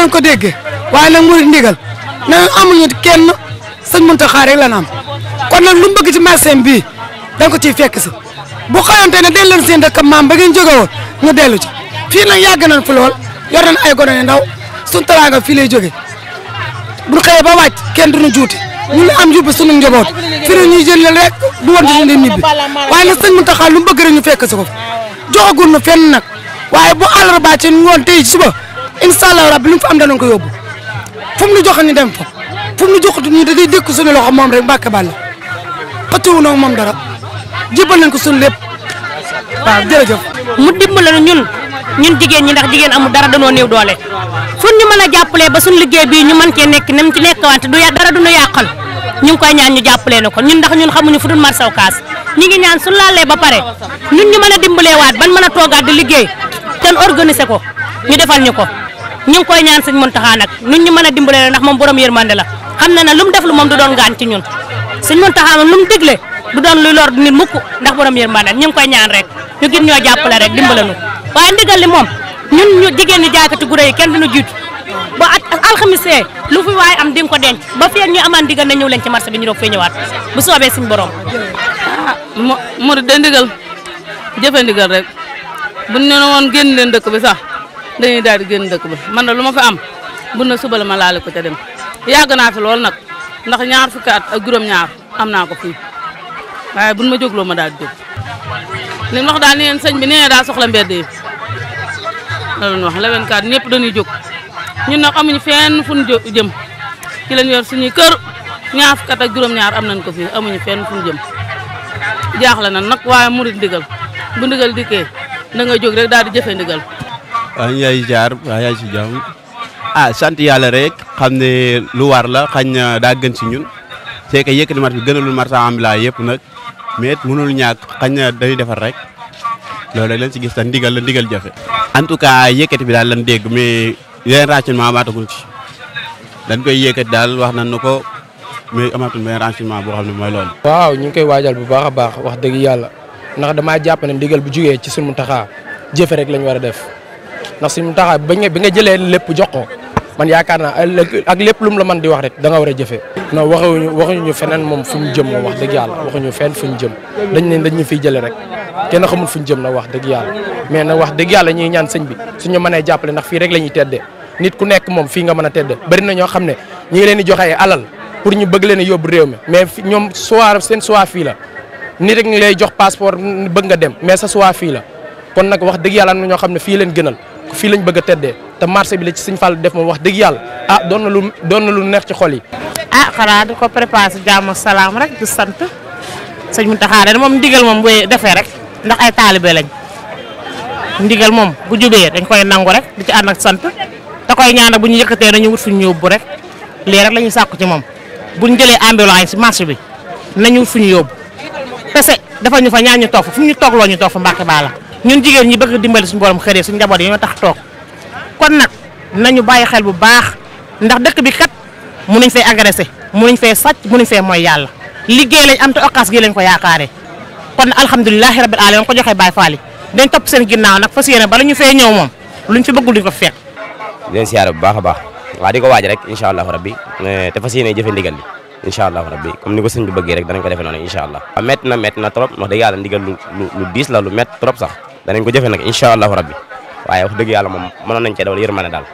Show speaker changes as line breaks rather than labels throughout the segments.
lañ ko déggee waaye nag murit ndigal ne amuñu kenn sëñ Muntaxa rek lañ am kon nag lu mu bëgg ci marché bii dañ ko ciy fekk si bu xëyoon tey ne dellu leen seen dëkk maam ba ngeen jóge woon ñu dellu ci fii nag yàgg nañ fi lool yor nañ ay gone yu ndaw suñu teraanga fii lay jógee bu xëyee ba wàcc kenn duñu juuti ñun am yóbbu sunu nu fi ne ñuy jël rek du woon di leen ñibbi waaye nag sëñ Muntaxa lu mu bëgg rek ñu fekk si ko joxagul ñu fenn nag waaye bu àllarba ci ngoon tey suba. incha allahu rab lu mu fa am danañ ko yóbbu fu mu nu joxoon ñu dem fa fu mu nu joxut ñu da day dékk suñu loxo moom rek mbàkk bàll xëccewu noo moom dara jébal nañ ko suñu lépp waaw jërëjëf. mu dimbale na ñun ñun jigéen ñi ndax
jigéen amul dara danoo néew doole fu ñu mën a jàppalee ba suñu liggéey bii ñu mën cee nekk nem ci nekk wante du yà dara du ñu yàqal ñu ngi koy ñaan ñu jàppalee na ko ñun ndax ñun xamuñu fu dul marsaw kaas ñu ngi ñaan suñu laalee ba pare ñun ñu mën a dimbalee waat ban mën a toogaat di liggéey ten organiser ko ñu defal ñu ko ñu ngi koy ñaan sëñ Muntaxa nag nun ñu mën a dimbale la ndax moom borom yërmande la xam na ne lu mu def lu moom du doon gaan ci ñun sëñ Muntaxa moom lu mu digle du doon luy lor nit mukk ndax borom yërmande ñu ngi koy ñaan rek ñu gën ñoo jàppale rek dimbale nu waaye ndigal li moom ñun ñu jigéen ñi jaaykati gure yi kenn duñu jiitu ba ak alxamis lu fi waaye am di ko denc ba fii ak amaan ndigal na ñëw leen ci marché bi ñu doog fii ñëwaat bu soobee suñu borom. ah mu mu de ndigal jëfe ndigal rek buñ ne woon génn leen dëkk bi sax.
dañuy daal di génn dëkk ba man na lu ma fa am bu na suba la ma laale ko ca dem yàgg naa fi lool nag ndax ñaar fukki at ak juróom-ñaar am naa ko fii waaye buñ ma jógloo ma daal di jóg li wax daal neen sëñ bi nee daa soxla mbedd yi la doon wax lewenkaat ñëpp dañuy jóg ñun nag amuñu fenn fu ñu jëm ci lañ yor suñuy kër ñaar fukki ak juróom am nañ ko fii amuñu fenn fu ñu jëm jaaxle na nag waaye murit ndigal bu ndigal dikkee da nga jóg rek daal di jëfe ndigal
waaw ñu ngi jaar waaw yaa ngi si ah sant yàlla rek xam ne lu war la xañ daa gën si ñun c'est que yëkkati marché bi gënalul marché ambulant yëpp nag mais it mënul ñàkk xañ na dañuy defar rek loolu rek lañ si gis ta ndigal la ndigal jafe. en tout cas yëkkati bi daal lañ dégg mais yeneen renseignement amaatagul ci dañ koy yëkkati daal wax nañ na ko mais amaatul benn renseignement boo xam ne mooy loolu.
waaw ñu koy waajal bu baax wax dëgg yàlla ndax damaa jàpp ne ndigal bu jugee ci sunu taxaa jëfe rek lañ war a def. ndax suñu taxaw bi nga bi nga jëlee lépp jox ko man yaakaar naa ak lépp lu mu la mën di wax rek da war a jëfee. non waxuñu waxuñu feneen moom fu ñu jëm wax dëgg yàlla waxuñu fenn fu ñu jëm dañ ne dañ ñu fiy jëlee rek kenn xamul fu ñu jëm na wax dëgg yàlla mais na wax dëgg yàlla ñuy ñaan sëñ bi su suñu mënee jàppale ndax fii rek la ñuy nit ku nekk moom fii nga mën a tedd bëri na ñoo xam ne ñii leen di joxe alal pour ñu bëgg leen yóbbu réew mi mais ñoom soir seen soir fii la ni rek ñu lay jox passeport bëgg nga dem mais sa soir fii la kon nag wax dëgg yàlla na ñoo xam ne fii leen gënal fii lañ bëgg a te marché bi la ci Sëñ Fall def moom wax dëgg yàlla ah doon na lu doon na lu neex ci xol yi. ah xanaa di ko préparé jàmm salaam rek di sant sëñ Mountakha moom ndigal moom bu defee rek ndax ay taalibe lañ ndigal moom bu jubee dañ koy nangu rek di ci ànd ak sant te koy ñaan bu ñu yëkkatee nañu wut fuñu yóbbu rek lii rek la ñu sàkku ci moom bu buñ jëlee ambulance si marché bi nañu wut fuñu yóbbu pese dafa ñu fa ñaan ñu toog fa fu ñu toogloo ñu toog fa Mbàkke Bala ñun jigéen ñi bëgg dimbali suñu borom kër yi suñu njaboot yi ñoo tax toog kon nag nañu bàyyi xel bu baax ndax dëkk bi kat mu nañ fee agressé mu nañ fee sàcc mu nañ fee mooy yàlla liggéey lañ am te okaas gi lañ ko yaakaare kon alhamdulilahi rabil alamin ko joxe Baay Faal yi dañ topp seen ginnaaw nag fas yéene bala ñu fee ñëw moom luñ fi bëggul duñ ko fekk
leen siyaare bu baax a baax waaw ko waaj rek incha allahu rabbi te fas yéene jëfe ndigal bi incha allah rabbi ko sëñ bi bëggee rek danañ ko na métti na trop wax dëgg yàlla ndigal lu lu la lu métti trop sax. danañ ko jëfee nag incha allahu rabbi waaye wax dëgg yàlla moom mënoon nañ cee dawal yërmande daal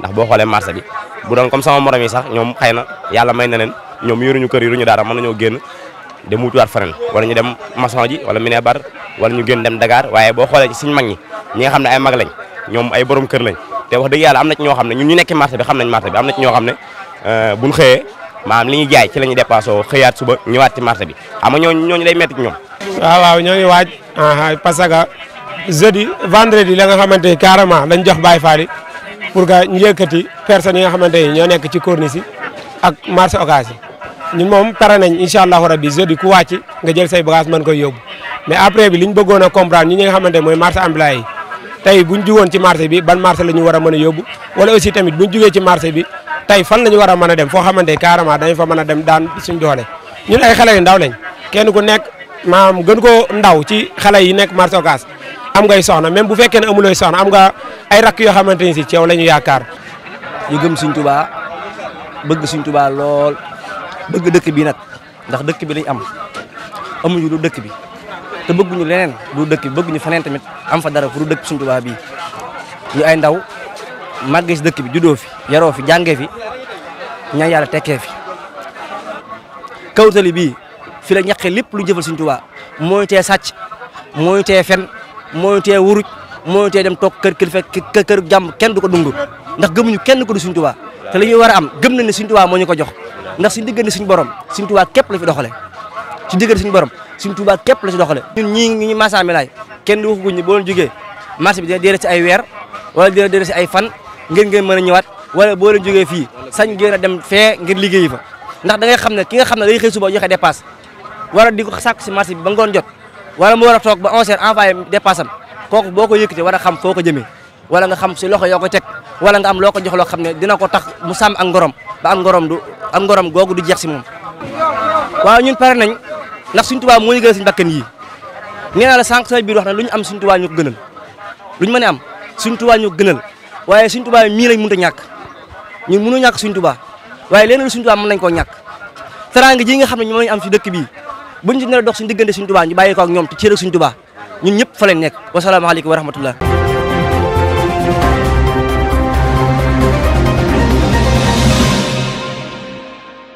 ndax boo xoolee marché bi bu doon comme sama morom yi sax ñoom xëy na yàlla may na leen ñoom yoruñu kër yoruñu daara mën nañoo génn dem wutuwaat feneen wala ñu dem maçon ji wala minebar wala ñu génn dem Dakar waaye boo xoolee ci suñ mag ñi ñi nga xam ne ay mag lañ ñoom ñu nekk euh, ñoom
waaw waaw ñoo ngi waaj jeudi vendredi la nga xamante ni carrément dañ jox Baye Fall yi pour que ñu yi nga xamante ni ñoo nekk ci corniche yi ak marché yi ñu moom pare nañ incha allahu rabi jeudi ku wàcc nga jël say bagage mën koy yóbbu mais après bi li ñu bëggoon a comprendre ñi nga xamante mooy marché ambulant yi tey buñ jugoon ci marché bi ban marché la ñu war a mën a yóbbu wala aussi tamit buñ jugee ci marché bi tey fan la ñu war a mën a dem foo xamante carrément dañ fa mën a dem daan suñ doole ñun xale yu ndaw lañ kenn ku nekk maam gën koo ndaw ci xale yi nekk marché occasion am ngay soxna même bu fekkee ne amulooy soxna am nga ay rakk yoo xam ni si ci yow la ñu yaakaar. ñu gëm suñ tubaa bëgg suñ tubaa lool
bëgg dëkk bii nag ndax dëkk bi lañ am amuñu lu dëkk bi te bëgguñu leneen lu dëkk bi bëgguñu feneen tamit am fa dara pour dëkk suñ tubaa bii ñu ay ndaw màggee dëkk bi juddoo fi yaroo fi jàngee fi ñaan yàlla tekkee fi kawtali bii fi la ñaqee lépp lu jëfal suñ tubaa mooy tee sàcc mooy tee fen mooy tee wuruj mooy tee dem toog kër kilifa kër kër jàmm kenn du ko dungu ndax gëmuñu kenn ko du suñ tubaa te ñuy war a am gëm nañ ne suñ tubaa moo ñu ko jox ndax suñ diggante suñ borom suñ tubaa képp la fi doxale ci diggante suñ borom suñ képp la si doxale ñun ñi ñu masaami laay kenn waxaguñ ne boo jógee marché bi dina dére si ay weer wala dina dére si ay fan ngeen mën a ñëwaat wala boo leen jógee fii sañ ngeen a dem fee ngir liggéeyi fa ndax da ngay xam ne ki nga xam ne day xëy suba joxe dépasse wala di ko sàkku si marché bi ba ngoon jot wala mu a toog ba 11h envoyé dépassam kooku boo ko yëkkatee war a xam foo ko jëmee wala nga xam si loxo yoo ko teg wala nga am loo ko jox loo xam ne dina ko tax mu sàmm ak ngorom ba am ngorom du am si moom. waaw ñun pare nañ ndax suñ tubaab moo ñu gënal suñ bakkan yii nee naa la sànq sama biir lu ñu am suñ tubaab ñu ko gënal lu ñu mën a am suñ tubaab ñu ko waaye suñ tubaab mii lañ mënut a ñàkk ñun mënu ñàkk suñ tubaab waaye leneen suñ tubaab mën nañ koo ñàkk teraanga ji nga xam ne ñoom lañ am si dëkk bii bu ci nar a diggante suñu tubaa ñu bàyyi ko ak ñoom te cër ak suñu tubaa ñun ñëpp fa lañ nekk